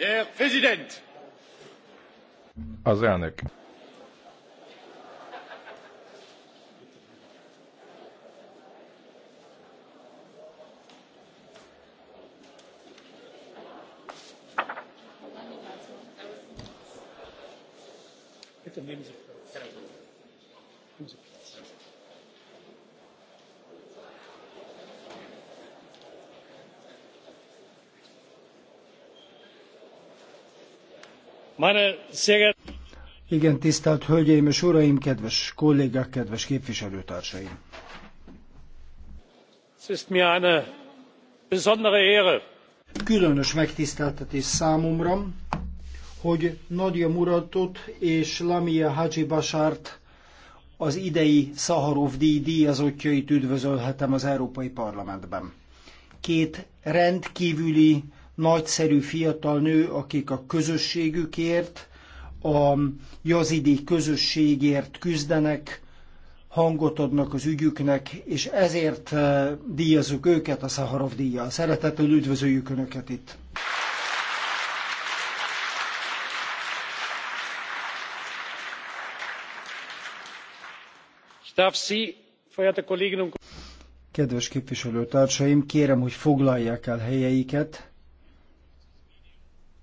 Herr Präsident! Az elnök. Igen, tisztelt Hölgyeim és Uraim, kedves kollégák, kedves képviselőtársaim! Különös megtiszteltetés számomra, hogy Nadia Muratot és Lamia Haji Basárt az idei Szaharov díj díjazottjait üdvözölhetem az Európai Parlamentben. Két rendkívüli nagyszerű fiatal nő, akik a közösségükért, a jazidi közösségért küzdenek, hangot adnak az ügyüknek, és ezért eh, díjazzuk őket a Szaharov díjjal. Szeretettel üdvözöljük Önöket itt! Kedves képviselőtársaim, kérem, hogy foglalják el helyeiket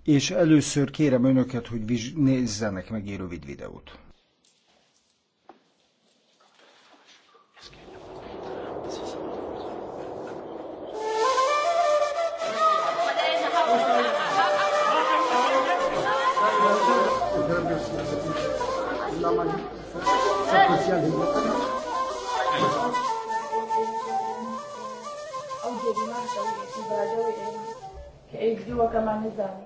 és először kérem önöket, hogy nézzenek meg egy rövid videót. Audio, di marcia, di braccio, di...